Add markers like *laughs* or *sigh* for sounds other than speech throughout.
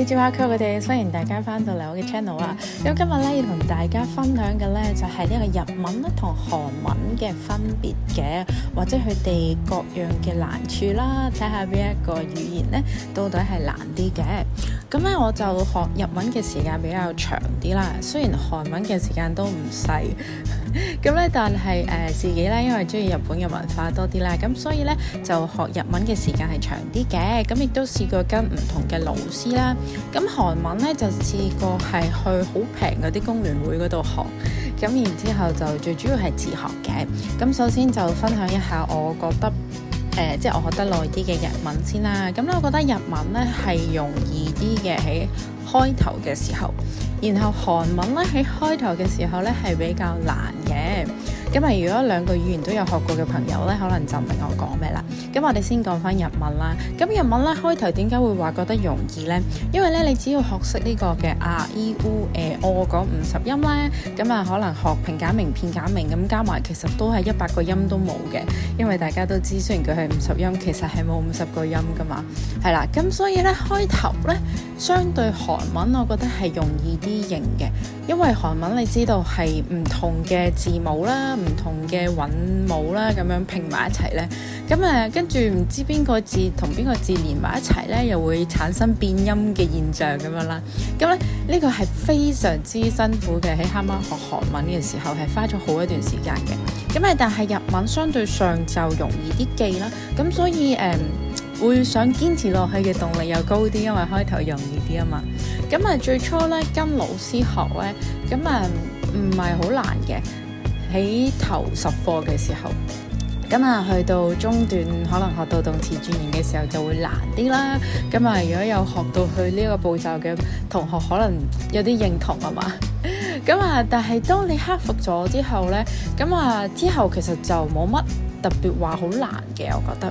你好啊，各位，我哋歡迎大家翻到嚟我嘅 channel 啊！咁今日咧要同大家分享嘅咧就係、是、呢個日文咧同韓文嘅分別嘅，或者佢哋各樣嘅難處啦，睇下邊一個語言咧到底係難啲嘅。咁、嗯、咧我就學日文嘅時間比較長啲啦，雖然韓文嘅時間都唔細。咁咧， *laughs* 但係誒、呃、自己咧，因為中意日本嘅文化多啲啦，咁所以咧就學日文嘅時間係長啲嘅，咁亦都試過跟唔同嘅老師啦。咁韓文咧就試過係去好平嗰啲工聯會嗰度學，咁然之後就最主要係自學嘅。咁首先就分享一下，我覺得誒、呃、即係我學得耐啲嘅日文先啦。咁咧，我覺得日文咧係容易啲嘅喺開頭嘅時候，然後韓文咧喺開頭嘅時候咧係比較難嘅，咁啊，如果兩個語言都有學過嘅朋友呢，可能就唔明我講咩啦。咁我哋先講翻日文啦。咁日文呢，開頭點解會話覺得容易呢？因為呢，你只要學識呢個嘅 r e ㅜ、誒、ㅓ 嗰五十音咧，咁啊可能學平假名、片假名咁加埋，其實都係一百個音都冇嘅。因為大家都知，雖然佢係五十音，其實係冇五十個音噶嘛。係啦，咁所以呢，開頭呢，相對韓文，我覺得係容易啲認嘅，因為韓文你知道係唔同嘅。字母啦，唔同嘅韻母啦，咁樣拼埋一齊咧，咁、嗯、誒跟住唔知邊個字同邊個字連埋一齊咧，又會產生變音嘅現象咁樣啦。咁咧呢個係非常之辛苦嘅，喺啱啱學韓文嘅時候係花咗好一段時間嘅。咁、嗯、誒，但係日文相對上就容易啲記啦。咁、嗯、所以誒、嗯、會想堅持落去嘅動力又高啲，因為開頭容易啲啊嘛。咁、嗯、誒、嗯、最初咧跟老師學咧，咁誒唔係好難嘅。喺頭十課嘅時候，咁啊去到中段，可能學到動詞轉型嘅時候就會難啲啦。咁啊，如果有學到去呢一個步驟嘅同學，可能有啲認同啊嘛。咁 *laughs* 啊，但係當你克服咗之後呢，咁啊之後其實就冇乜特別話好難嘅，我覺得。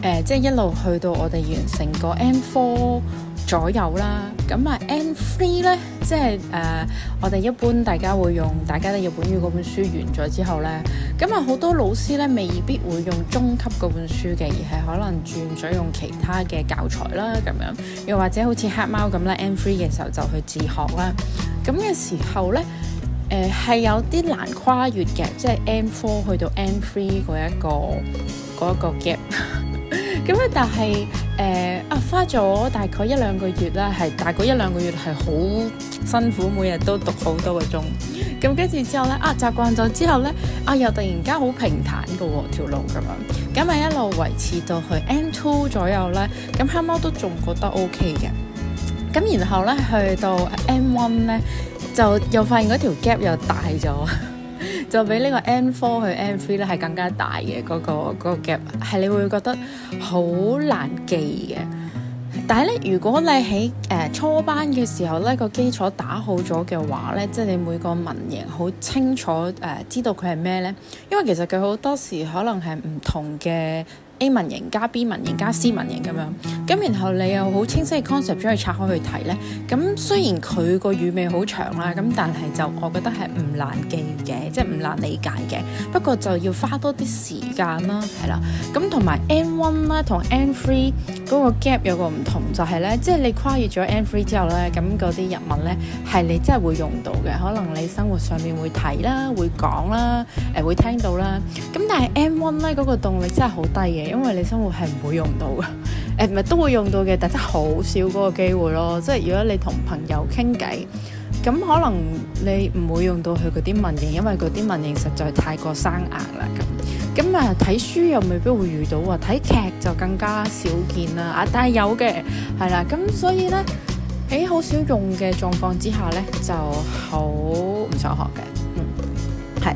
誒、呃，即係一路去到我哋完成個 N four 左右啦。咁啊 N three 咧，即係誒、呃，我哋一般大家會用《大家的日本語》嗰本書完咗之後呢。咁啊好多老師呢未必會用中級嗰本書嘅，而係可能轉咗用其他嘅教材啦，咁樣又或者好似黑貓咁咧 N three 嘅時候就去自學啦。咁嘅時候呢，誒、呃、係有啲難跨越嘅，即係 N four 去到 N three 嗰一個嗰一個 gap。咁咧，但係誒、呃、啊，花咗大概一兩個月啦，係大概一兩個月係好辛苦，每日都讀好多個鐘。咁跟住之後咧，啊習慣咗之後咧，啊又突然間好平坦嘅喎條路咁樣，咁咪一路維持到去 N two 左右咧。咁黑貓都仲覺得 OK 嘅。咁然後咧去到 N one 咧，就又發現嗰條 gap 又大咗。就比呢個 N four 去 N three 咧，係更加大嘅嗰、那個嗰 gap，係你會覺得好難記嘅。但係咧，如果你喺誒、呃、初班嘅時候咧，這個基礎打好咗嘅話咧，即、就、係、是、你每個文型好清楚誒、呃，知道佢係咩咧？因為其實佢好多時可能係唔同嘅。A 文型加 B 文型加 C 文型咁樣，咁然後你又好清晰嘅 concept 將佢拆開去睇咧，咁雖然佢個語彙好長啦，咁但係就我覺得係唔難記嘅，即係唔難理解嘅。不過就要花多啲時間啦，係啦。咁同埋 N1 咧同 N3 嗰個 gap 有個唔同，就係呢，即係你跨越咗 N3 之後呢，咁嗰啲日文呢，係你真係會用到嘅，可能你生活上面會睇啦、會講啦、誒、呃、會聽到啦。咁但係 N1 咧嗰個動力真係好低嘅。因為你生活係唔會用到嘅，誒唔係都會用到嘅，但得好少嗰個機會咯。即係如果你同朋友傾偈，咁可能你唔會用到佢嗰啲文型，因為嗰啲文型實在太過生硬啦。咁咁啊，睇書又未必會遇到啊，睇劇就更加少見啦。啊，但係有嘅，係啦。咁所以咧，喺好少用嘅狀況之下咧，就好唔想學嘅。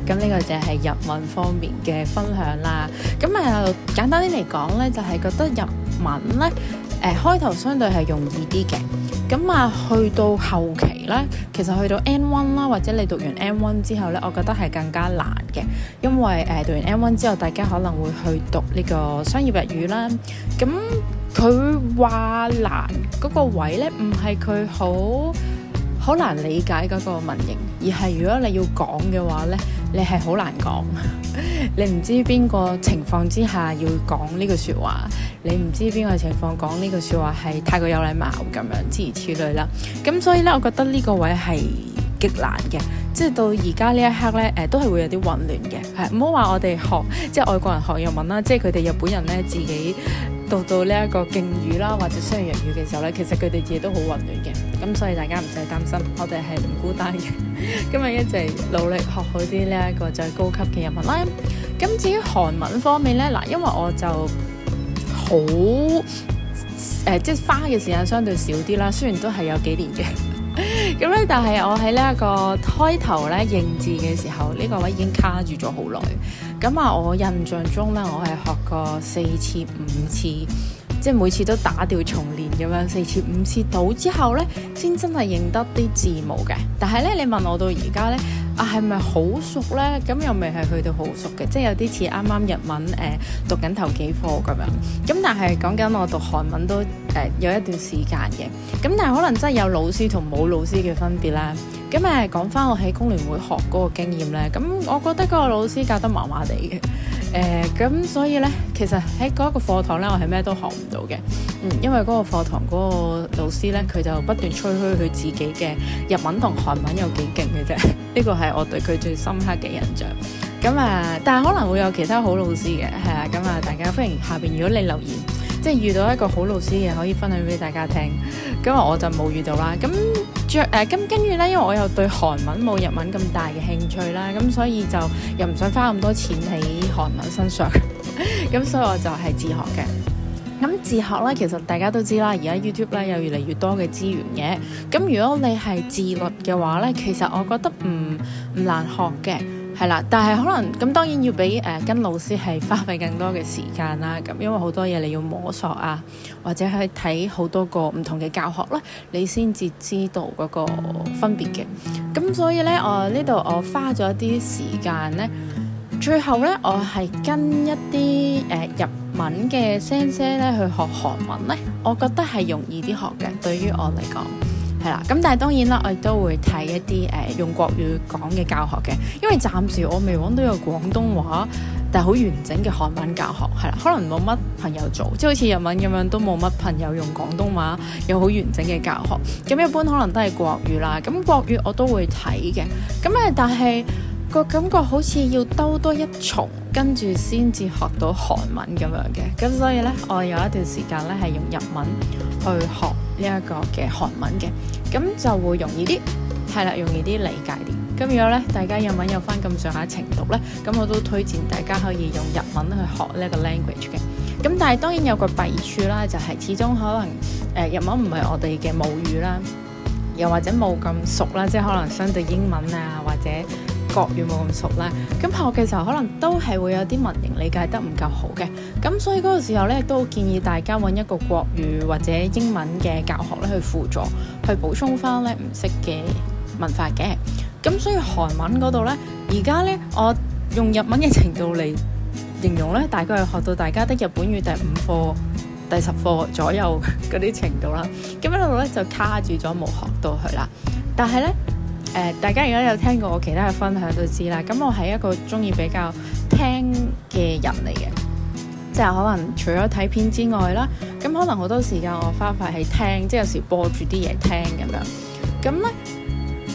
咁呢、嗯，這個就係日文方面嘅分享啦。咁啊、呃，簡單啲嚟講呢就係、是、覺得日文呢，誒開頭相對係容易啲嘅。咁啊，去到後期呢，其實去到 N1 啦，或者你讀完 N1 之後呢，我覺得係更加難嘅。因為誒、呃、讀完 N1 之後，大家可能會去讀呢個商業日語啦。咁佢話難嗰、那個位呢唔係佢好。好難理解嗰個文型，而係如果你要講嘅話呢，你係好難講， *laughs* 你唔知邊個情況之下要講呢句說話，你唔知邊個情況講呢句說話係太過有禮貌咁樣，諸如此類啦。咁所以呢，我覺得呢個位係極難嘅，即係到而家呢一刻呢，誒、呃、都係會有啲混亂嘅，係唔好話我哋學即係外國人學日文啦，即係佢哋日本人呢自己。做到呢一個敬語啦，或者雙人語嘅時候咧，其實佢哋嘢都好混亂嘅，咁所以大家唔使擔心，我哋係唔孤單嘅，今日一齊努力學好啲呢一個就係高級嘅日文啦。咁至於韓文方面咧，嗱，因為我就好誒，即、呃、係、就是、花嘅時間相對少啲啦，雖然都係有幾年嘅。咁咧、嗯，但係我喺呢一個開頭咧認字嘅時候，呢、這個位已經卡住咗好耐。咁、嗯、啊，我印象中咧，我係學過四次、五次，即係每次都打掉重練咁樣，四次五次到之後咧，先真係認得啲字母嘅。但係咧，你問我到而家咧。啊，係咪好熟呢？咁又未係去到好熟嘅，即係有啲似啱啱日文誒、呃、讀緊頭幾課咁樣。咁但係講緊我讀韓文都誒、呃、有一段時間嘅。咁但係可能真係有老師同冇老師嘅分別啦。咁誒講翻我喺工聯會學嗰個經驗呢，咁我覺得嗰個老師教得麻麻地嘅。誒咁，呃、所以呢，其實喺嗰個課堂呢，我係咩都學唔到嘅，嗯，因為嗰個課堂嗰個老師呢，佢就不斷吹噓佢自己嘅日文同韓文有幾勁嘅啫，呢個係我對佢最深刻嘅印象。咁啊，但係可能會有其他好老師嘅，係啊，咁啊，大家歡迎下邊，如果你留言，即係遇到一個好老師嘅，可以分享俾大家聽。咁啊，我就冇遇到啦。咁。誒咁、啊、跟住咧，因為我又對韓文冇日文咁大嘅興趣啦，咁所以就又唔想花咁多錢喺韓文身上，咁 *laughs* 所以我就係自學嘅。咁自學咧，其實大家都知啦，而家 YouTube 咧有越嚟越多嘅資源嘅，咁如果你係自律嘅話咧，其實我覺得唔唔難學嘅。係啦，但係可能咁當然要俾誒、呃、跟老師係花費更多嘅時間啦，咁因為好多嘢你要摸索啊，或者去睇好多個唔同嘅教學啦，你先至知道嗰個分別嘅。咁所以呢，我呢度我花咗一啲時間呢。最後呢，我係跟一啲誒、呃、日文嘅先生咧去學韓文呢，我覺得係容易啲學嘅，對於我嚟講。係啦，咁但係當然啦，我亦都會睇一啲誒、呃、用國語講嘅教學嘅，因為暫時我未揾到有廣東話但係好完整嘅韓文教學，係啦，可能冇乜朋友做，即係好似日文咁樣都冇乜朋友用廣東話有好完整嘅教學，咁一般可能都係國語啦，咁國語我都會睇嘅，咁誒，但係個感覺好似要兜多一重，跟住先至學到韓文咁樣嘅，咁所以呢，我有一段時間呢係用日文去學。呢一個嘅韓文嘅，咁就會容易啲，係啦，容易啲理解啲。咁如果咧，大家日文有翻咁上下程度咧，咁我都推薦大家可以用日文去學呢一個 language 嘅。咁但係當然有個弊處啦，就係、是、始終可能誒、呃、日文唔係我哋嘅母語啦，又或者冇咁熟啦，即係可能相對英文啊或者。國語冇咁熟呢，咁學嘅時候可能都係會有啲文型理解得唔夠好嘅，咁所以嗰個時候呢，都建議大家揾一個國語或者英文嘅教學呢去輔助，去補充翻呢唔識嘅文化嘅。咁所以韓文嗰度呢，而家呢，我用日文嘅程度嚟形容呢，大概係學到大家的日本語第五課、第十課左右嗰啲程度啦。咁一路呢，就卡住咗冇學到佢啦，但係呢。Uh, 大家如果有聽過我其他嘅分享都知啦。咁我係一個鍾意比較聽嘅人嚟嘅，即係可能除咗睇片之外啦，咁可能好多時間我花費喺聽，即係有時播住啲嘢聽咁樣。咁呢，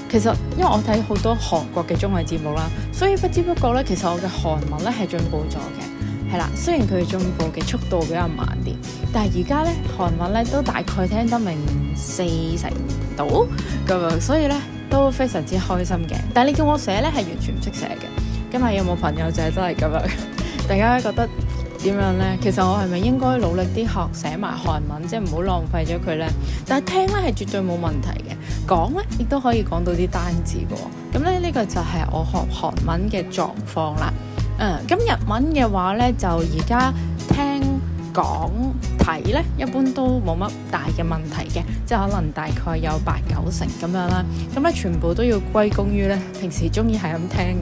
其實因為我睇好多韓國嘅綜藝節目啦，所以不知不覺呢，其實我嘅韓文呢係進步咗嘅，係啦。雖然佢進步嘅速度比較慢啲，但係而家呢，韓文呢都大概聽得明四成度咁樣，所以呢。都非常之開心嘅，但係你叫我寫呢，係完全唔識寫嘅。今日有冇朋友仔？真係咁樣？ *laughs* 大家覺得點樣呢？其實我係咪應該努力啲學寫埋韓文，即係唔好浪費咗佢呢？但係聽咧係絕對冇問題嘅，講呢，亦都可以講到啲單字嘅喎。咁咧呢、呢個就係我學韓文嘅狀況啦。嗯，咁日文嘅話呢，就而家。講睇咧，一般都冇乜大嘅問題嘅，即係可能大概有八九成咁樣啦。咁咧全部都要歸功於咧平時中意係咁聽，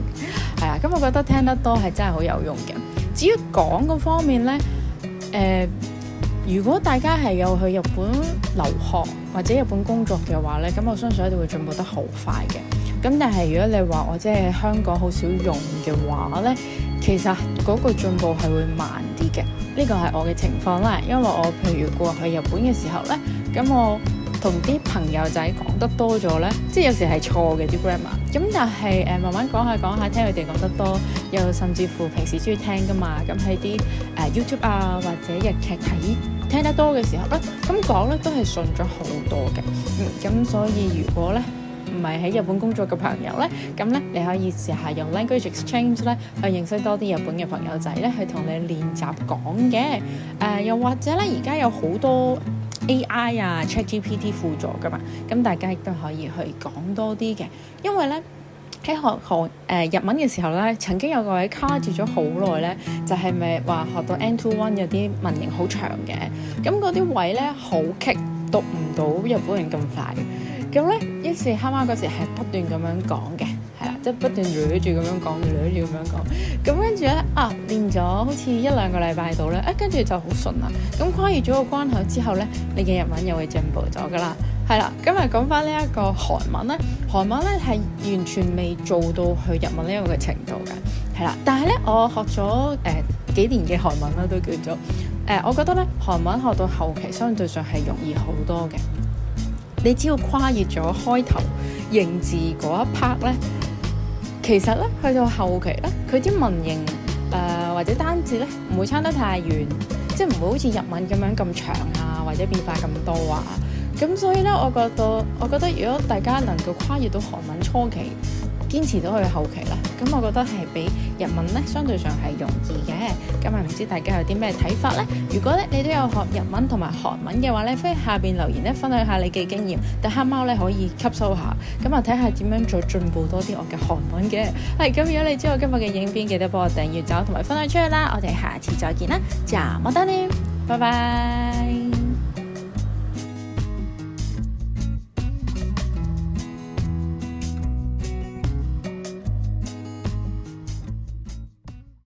係、嗯、啊。咁我覺得聽得多係真係好有用嘅。至於講嗰方面咧，誒、呃，如果大家係有去日本留學或者日本工作嘅話咧，咁我相信一定會進步得好快嘅。咁但係如果你話我即係香港好少用嘅話咧。其實嗰、那個進步係會慢啲嘅，呢、這個係我嘅情況啦。因為我譬如過去日本嘅時候呢，咁我同啲朋友仔講得多咗呢，即係有時係錯嘅啲 grammar。咁但係誒慢慢講下講下，聽佢哋講得多，又甚至乎平時中意聽㗎嘛。咁喺啲誒 YouTube 啊或者日劇睇聽得多嘅時候呢，咁講呢都係順咗好多嘅。嗯，咁所以如果呢。唔係喺日本工作嘅朋友咧，咁咧你可以試下用 Language Exchange 咧去認識多啲日本嘅朋友仔咧，去同你練習講嘅。誒、呃，又或者咧，而家有好多 AI 啊，ChatGPT 輔助㗎嘛，咁大家亦都可以去講多啲嘅。因為咧喺學韓誒、呃、日文嘅時候咧，曾經有個位卡住咗好耐咧，就係咪話學到 N2 N1 有啲文型好長嘅，咁嗰啲位咧好棘，讀唔到日本人咁快。咁咧，於是黑貓嗰時係不斷咁樣講嘅，係啦，即係不斷捋住咁樣講，捋住咁樣講。咁跟住咧，啊練咗好似一兩個禮拜度咧，啊跟住就好順啦。咁跨越咗個關口之後咧，你嘅日文又會進步咗㗎啦，係啦。今日講返呢一個韓文咧，韓文咧係完全未做到去日文呢一個嘅程度嘅，係啦。但係咧，我學咗誒、呃、幾年嘅韓文啦，都叫做誒、呃，我覺得咧韓文學到後期，相對上係容易好多嘅。你只要跨越咗開頭認字嗰一 part 咧，其實咧去到後期咧，佢啲文型，誒、呃、或者單字咧唔會差得太遠，即係唔會好似日文咁樣咁長啊，或者變化咁多啊。咁所以咧，我覺得我覺得如果大家能夠跨越到韓文初期。堅持到去後期啦，咁我覺得係比日文咧相對上係容易嘅。咁啊唔知大家有啲咩睇法呢？如果咧你都有學日文同埋韓文嘅話呢，歡迎下邊留言咧分享下你嘅經驗，大黑貓咧可以吸收下。咁啊睇下點樣再進步多啲我嘅韓文嘅。係、嗯、咁，如果你知道今日嘅影片，記得幫我訂閱走同埋分享出去啦。我哋下次再見啦，就冇得啦，拜拜。